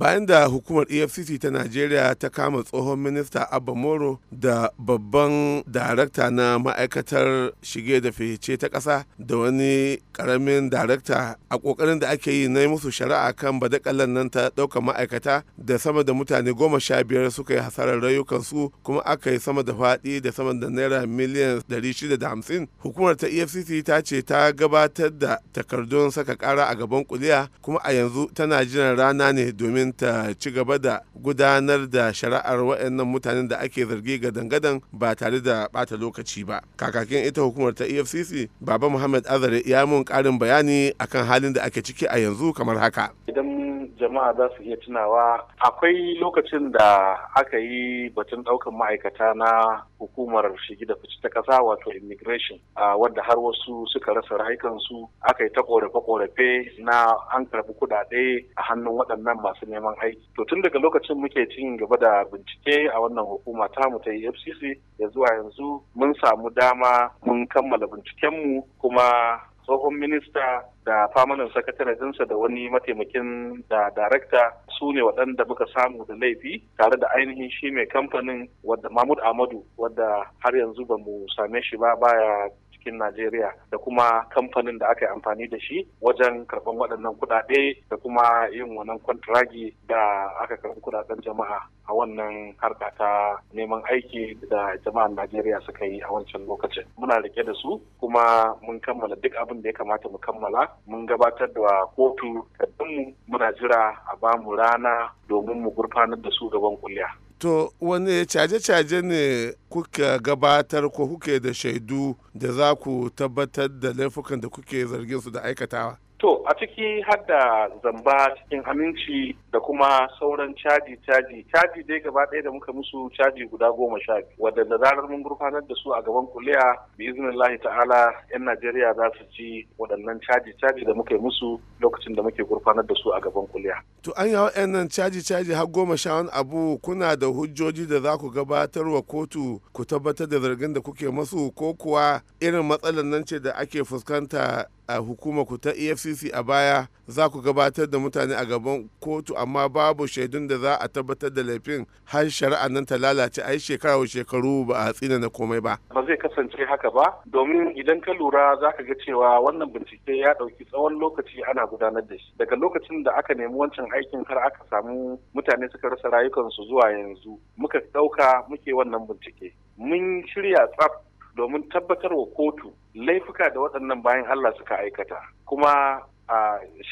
bayan da hukumar efcc ta najeriya ta kama tsohon minista abba moro da babban darakta na ma'aikatar shige da fice ta ƙasa da wani ƙaramin darakta a ƙoƙarin da ake yi na musu shari'a kan badakalan nan ta ɗaukar ma'aikata da sama da mutane goma sha biyar suka yi hasarar rayukansu kuma aka yi sama da faɗi da sama da naira miliyan shida da hamsin hukumar ta efcc ta ce ta gabatar da takardun saka kara a gaban kuliya kuma a yanzu tana jiran rana ne domin don ta ci gaba da gudanar da shari'ar waɗannan mutanen da ake zargi ga dangadan ba tare da bata lokaci ba kakakin ita hukumar ta efcc baba muhammad azare ya mun ƙarin bayani akan halin da ake ciki a yanzu kamar haka idan jama'a za su iya tunawa akwai lokacin da aka yi batun ɗaukan ma'aikata na hukumar shigi da fice ta ƙasa wato immigration wadda har wasu suka rasa rayukansu aka yi ta ƙorafe-ƙorafe na an karɓi kuɗaɗe a hannun waɗannan masu neman aiki to tun daga lokacin muke cin gaba da bincike a wannan hukuma mu ta e fcc ya zuwa yanzu mun samu dama mun kammala bincikenmu kuma tsohon minista da famanin sakatarinsa da wani mataimakin da darakta su ne waɗanda muka samu da laifi tare da ainihin shi mai kamfanin wadda mahmud amadu wadda har yanzu ba mu same shi ba baya cikin Najeriya da kuma kamfanin da aka yi amfani da shi wajen karɓan waɗannan kuɗaɗe da kuma yin wannan kwantiragi da aka karɓi kuɗaɗen jama'a a wannan harka ta neman aiki da jama'an Najeriya suka yi a wancan lokacin. Muna rike da su kuma mun kammala duk abin da ya kamata mu kammala mun gabatar da kotu mu muna jira a bamu rana domin mu gurfanar da su gaban kuliya. to wani caje-caje ne kuka gabatar ko kuke da shaidu da za ku tabbatar da laifukan da kuke zargin su da aikatawa To a ciki hadda zamba cikin aminci da kuma sauran caji caji caji dai gaba ɗaya da muka musu caji guda goma sha biyu wadanda zarar mun gurfanar da su a gaban kuliya bi lahi ta'ala yan Najeriya za su ci waɗannan caji caji da muka musu lokacin da muke gurfanar da su a gaban kuliya. To an yawa yan nan caji caji har goma sha wani abu kuna da hujjoji da za ku gabatar wa kotu ku tabbatar da zargin da kuke musu, ko kuwa irin matsalar nan ce da ake fuskanta a hukumar ku ta efcc a baya za ku gabatar da mutane a gaban kotu amma babu shaidun da za a tabbatar da laifin har shari'a nan ta lalace a yi shekara shekaru ba a tsina na komai ba ba zai kasance haka ba domin idan ka lura za ka ga cewa wannan bincike ya ɗauki tsawon lokaci ana gudanar da shi daga lokacin da aka nemi wancan aikin har aka samu mutane suka rasa rayukansu zuwa yanzu muka ɗauka muke wannan bincike mun shirya tsaf domin tabbatar wa kotu laifuka da waɗannan bayan Allah suka aikata kuma a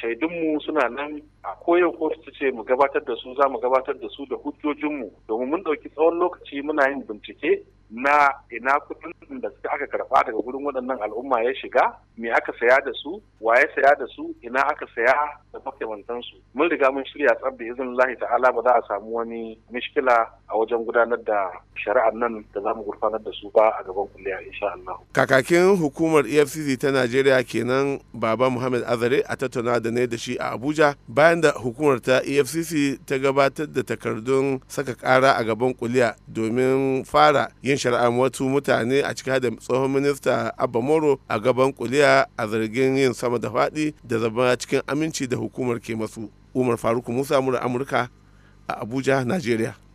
shaidunmu suna nan a koyar kotu ta ce mu gabatar da su za mu gabatar da su da hujjojinmu domin mun ɗauki tsawon lokaci muna yin bincike na ina kuɗin da suka aka karɓa daga gurin waɗannan al'umma ya shiga me aka saya da su waye saya da su ina aka saya da makamantan su mun riga mun shirya tsab da izinin Allah ta'ala ba za a samu wani mishkila a wajen gudanar da shari'ar nan da za mu gurfanar da su ba a gaban kulliya insha Allah kakakin hukumar EFCC ta Najeriya kenan Baba Muhammad Azare a tattauna da ne da shi a Abuja bayan da hukumar ta EFCC ta gabatar da takardun saka kara a gaban kuliya domin fara yin shari'ar wasu mutane a cikin da tsohon minista Abba Moro a gaban kulliya najeriya a zargin yin sama da faɗi da zama cikin aminci da hukumar ke masu umar faruk musa mura amurka a abuja nigeria.